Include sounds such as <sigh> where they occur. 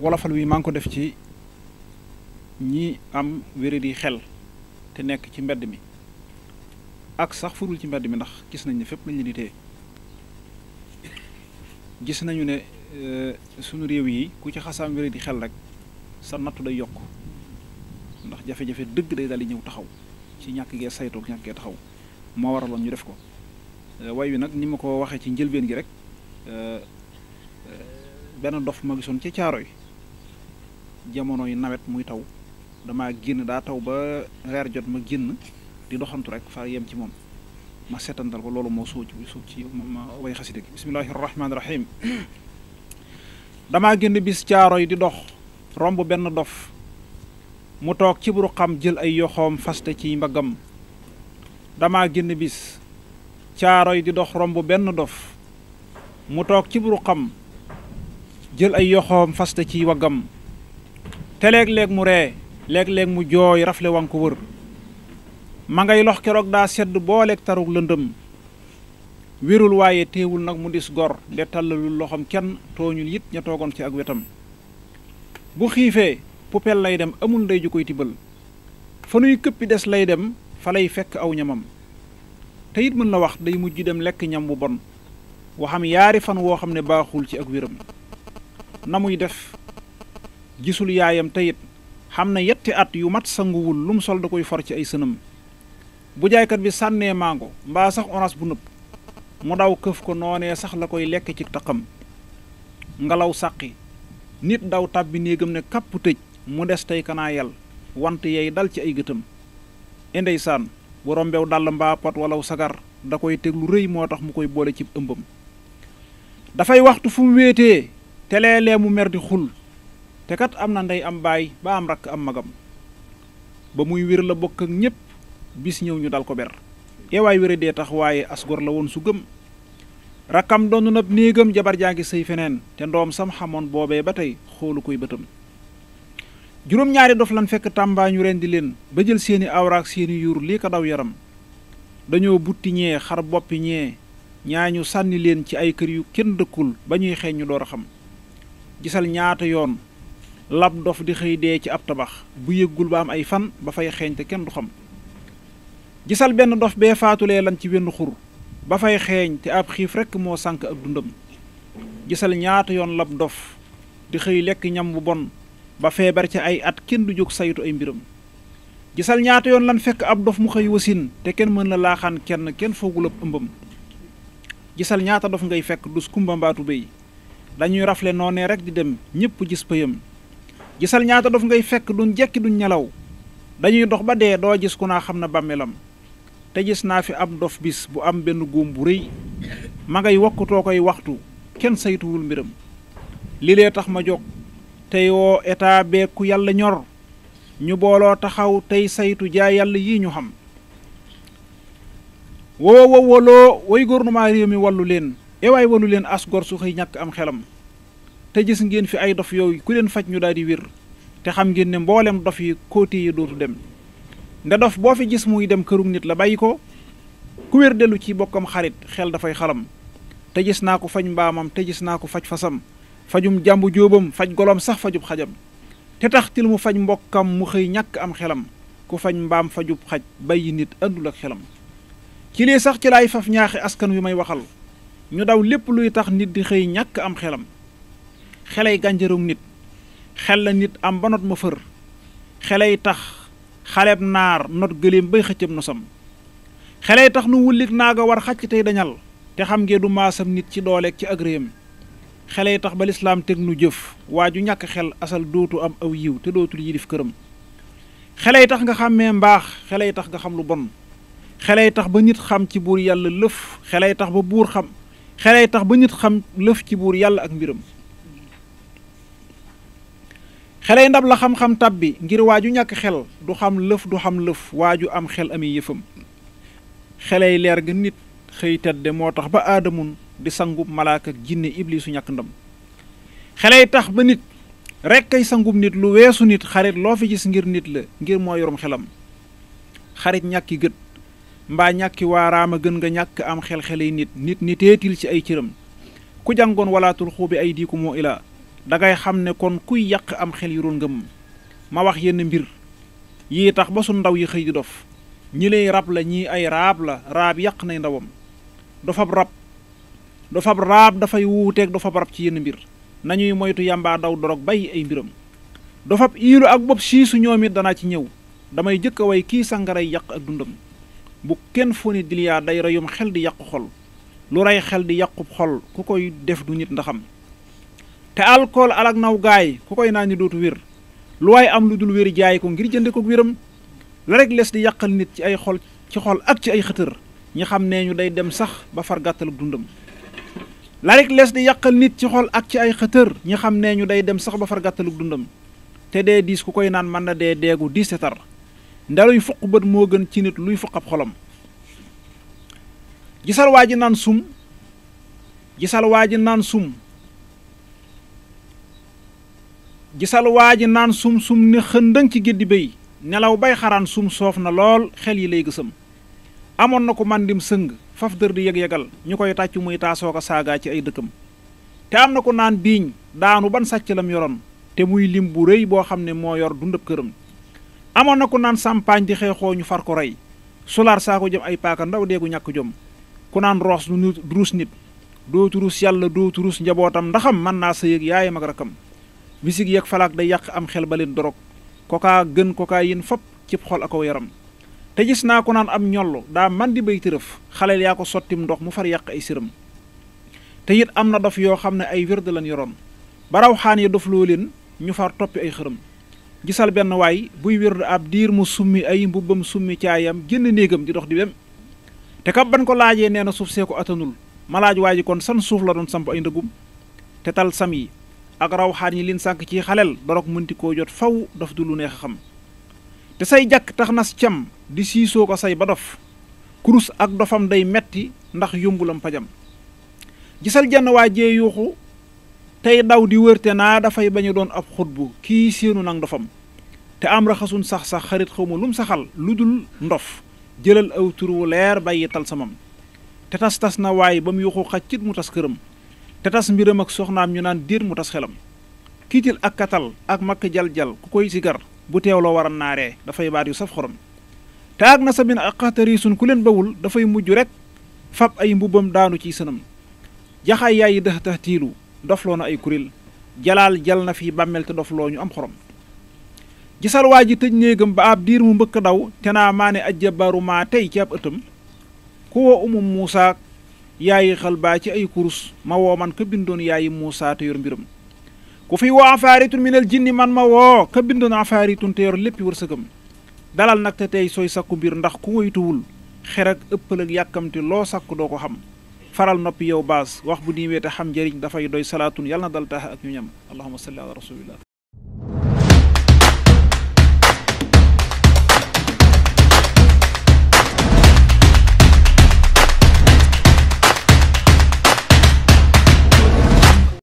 wolofal wi maa ngi ko def ci ñi am wéradi xel te nekk ci mbedd mi ak sax furul ci mbedd mi ndax gis nañ ne fépp lañ leen di gis nañu ne eh, sunu réew yi ku ci xasaam wéradi xel rek sa nattu day yokk ndax jafe-jafe dëgg day daal di ñëw taxaw ci ñàkk gee saytoog ñàkk gee taxaw moo waraloon ñu def ko eh, way wi nag ni ma ko waxee ci njëlbeen gi rek eh, benn dof ma gisoon ci caaro yi jamono yi nawet muy taw dama génn daa taw ba reer jot ma génn di doxantu rek faa yem ci moom ma seetantal ko loolu moo sóob ci sóob ci ma way xasida gi bismillahi rahmaani rahim <clears throat> damaa génn bis caaro yi di dox romb benn dof mu toog ci buru xam jël ay yoxoom faste ci mbaggam damaa génn bis caaro yi di dox romb benn dof mu toog ci buru xam jël ay yoxoom faste ci waggam te léeg mu ree léeg-léeg mu jooy rafle wan wër ma ngay lox keroog daa sedd booleeg tarug lëndëm wérul waaye téewul nag mu dis gor de tàllalul loxoom kenn tooñul it ña toogoon ci ak wetam bu xiifee poubelle lay dem amul ndey ju koy tibbal fa nuy këppi des lay dem fa lay fekk aw ñamam te mën na wax day mujj dem lekk ñam bu bon waxam yaari fan woo xam ne baaxul ci ak wéram na muy def gisul yaayam teyit xam na yetti at yu mat sanguwul lu sol da koy for ci ay sënam bu jaaykat bi sànnee mango mbaa sax orange bu nëpp mu daw këf ko noonee sax la koy lekk ci taqam ngelaw sàqi nit daw tàbbi néegam ne kàpp tëj mu des tey kanaa yel want yey dal ci ay gëtam indeysaan e borom rombew dàll mbaa pot walaw sagar da koy teg lu rëy moo tax mu koy boole ci ëmbam dafay waxtu fu mu wéetee te mu mer di xul te kat am na ndey am baay ba am rakk am magam ba muy wér la bokk ñépp bis ñëw ñu dal ko ber eewaay wére dee tax waaye asgor la woon su gëm rakkam donn nab néegam jabar jaa ngi sëy feneen te ndoom sam xamoon boobee ba tey xoolu koy bëtam juróom-ñaari dof lan fekk tàmbaa ñu di leen ba jël seeni awraak seeni yuur lii ko daw yaram dañoo butti ñee xar boppi ñee ñaañu sànni leen ci ay kër yu kenn dëkkul ba ñuy xeeñ ñu door a gisal ñaata yoon lab dof di xëy dee ci ab tabax bu yëggul ba am ay fan ba fay xeeñ te kenn du xam gisal benn dof bee faatulee lan ci wenn xur ba fay xeeñ te ab xiif rekk moo sànk ab dundam gisal ñaata yoon lab dof di xëy lekk ñam bu bon ba feebar ci ay at kenn du jóg saytu ay mbiram gisal ñaata yoon lan fekk ab dof mu xëy wasin te kenn mën la laaxaan kenn kenn foogul ab ëmbam gisal ñaata dof ngay fekk dus kumba mbaatu béy dañuy rafle noonee rek di dem ñëpp gis pëyam gisal ñaata dof ngay fekk duñ jekki duñ ñelaw dañuy dox ba dee doo gis ku naa xam na bàmmeelam te gis naa fi ab dof bis bu am benn góom bu rëy ma ngay wokkutoo koy waxtu kenn saytuwul mbiram li lee tax ma jóg tey woo état bee yàlla ñor ñu booloo taxaw tey saytu jaay yàlla yii ñu xam woo woo waloo way réew mi wallu leen ewaay wallu leen asgor su xëy ñàkk am xelam te gis ngeen fi ay dof yooyu ku leen faj ñu daal di wér te xam ngeen ne mboolem dof yi côté yi dootu dem nda dof boo fi gis muy dem kërug nit la bàyyi ko ku wér dellu ci bokkam xarit xel dafay xalam te gis naa ko faj mbaamam te gis naa ko faj fasam fajum jàmbu jóobam faj golom sax fajub xajam te tax til mu faj mbokkam mu xëy ñàkk am xelam ku faj mbaam fajub xaj bàyyi nit àndul ak xelam ci lii sax ci laay faf ñaaxe askan wi may waxal ñu daw lépp luy tax nit di xëy ñàkk am xelam xelay gànjarum nit xel la nit am ba not ma fër xelay tax xaleeb naar not gëléem bay xëccam nosam xelay tax nu wullik naaga war xàcc tey dañal te xam ngeen du maasam nit ci dooleeg ci ak réyam xelay tax ba lislaam teg nu jëf waa ju ñàkk xel asal dootu am aw yiw te dootul yilif këram xelay tax nga xàmmee mbaax xelay tax nga xam lu bon xelay tax ba nit xam ci buur yàlla lëf xelay tax ba buur xam xelay tax ba nit xam lëf ci buur yàlla ak mbiram xelay ndab la xam-xam tab bi ngir ju ñàkk xel du xam lëf du xam lëf waaju am xel ami yëfam xelay leer ga nit xëy tedde moo tax ba aadamun di sangub malaaka ak jinne iblisu ñàkk ndam xelay tax ba nit rek kay sangub nit lu weesu nit xarit loo fi gis ngir nit la ngir moo yorom xelam xarit ñàkki gët mbaa ñàkki a gën nga ñàkk am xel-xelay nit nit niteetil ci ay cëram ku jàngoon walaatul xuubi ay diiku moo ilaa dangay xam ne kon kuy yàq am xel yi doon ngëm ma wax yenn mbir yii tax ba su ndaw yi xëy di dof ñi lay rab la ñii ay raab la raab yàq nay ndawam dofab rab dofab raab dafay wuuteeg dofab rab ci yenn mbir nañuy moytu yàmbaa daw dorog bàyyi ay mbiram dofab iilu ak bopp siisu ñoom it danaa ci ñëw damay jëkk a way kii sangaray yàq ak dundam bu kenn fo ni day reyum xel di yàqu xol lu rey xel di yàqu xol ku koy def du nit ndaxam te alcool alak naw gaay ku koy naan ni dootu wér lu waaye am lu dul wér jaay ko ngir jënde ko wéram la rek les di yàqal nit ci ay xol ci xol ak ci ay xëtër ñi xam nee ñu day dem sax ba far gàttal dundam la rek les di yàqal nit ci xol ak ci ay xëtër ñi xam nee ñu day dem sax ba far gàttalug dundam te dee diis ku koy naan mën na dee deegu diis te tar ndaluy fuq bët moo gën ci nit luy fuq ab xolam gisal waa ji naan sum gisal waa ji naan sum gisal waa ji naan sum-sum ne xëndëng ci géddi béy nelaw bay xaraan sum soof na lool xel yi lay gësëm amoon na ko màndim sëng faf dër di yeg-yegal ñu koy tàcc muy taasoo ko saagaa ci ay dëkkam te am na ko naan biiñ daanu ban sàcc lam yoroon te muy lim bu rëy boo xam ne moo yor dundab këram amoon na ko naan sampaañ di xeexoo ñu far ko rey sulaar saa jëm ay paaka ndaw deegu ñàkk jom ku naan roos du ruus nit dootu ruus yàlla dootu ruus njabootam ndaxam mën naa sëyëg yaayam ak rakkam wisig yeeg falaak day yàq am xel ba leen dorog kokaa gën kokaa yin fop cib xol a aw yaram te gis naa ko naan am ñollu daa man di bay tërëf xaleel yaa ko sottim ndox mu far yàq ay sëram te it am na dof yoo xam ne ay wérd lan yoroon baraw xaan yi dof loo leen ñu far toppi ay xërëm gisal benn waay buy wérd ab diir mu summi ay mbubbam summi caayam génn néegam di dox di dem te kam ban ko laajee nee na suuf see ko atanul malaaj waa ji kon san suuf la doon samp ay te tal sam ak rawxaan yi leen sànq ci xalel dorog mënti koo jot faw daf du lu neex xam te say jàkk tax nas cam di siisoo ko say ba dof kurus ak dofam day metti ndax yombulam pajam gisal jenn waa jee yuuxu tey daw di wërte naa dafay bañu doon ab xutbu kii séenu nag dofam te am raxasun sax-sax xarit xawma lum saxal lu dul ndof jëlal aw wu leer bay tal samam te tas tas na waay ba mu yuuxu xaccit mu tas këram te tas mbiram ak soxnaam ñu naan diir mu tas xelam kiitil ak katal ak makk jal-jal ku koy sigar bu teewloo war a naaree dafay baat yu saf xorom te ak na sabin ak xatari sun ku leen bawul dafay mujj rek fab ay mbubbam daanu ci sënam jaxaay yaay yi dëx tax tiilu dofloo na ay kuréel jalaal jal na fi bàmmeel te dofloo ñu am xorom gisal waa ji tëj néegam ba ab diir mu mbëkk daw te naa maane ajjabaaru maa tey ci ab ëttam ku woo umum muusaa yaayi xal baa ci ay kurus ma woo man ka bindoon yaayi Muusaa te yor mbiram ku fi woo afaaritun minal jinni man ma woo ka bindoon afaaritun te yor léppi wërsëgam dalal nag te tey sooy sakku mbir ndax ku woytuwul xer ak ëppal ak yàkkamti loo sakku doo ko xam faral noppi yow baas wax bu niiwee te xam njëriñ dafay doy salaatun yàlla na dal tax ak ñu ñam allahuma salli ala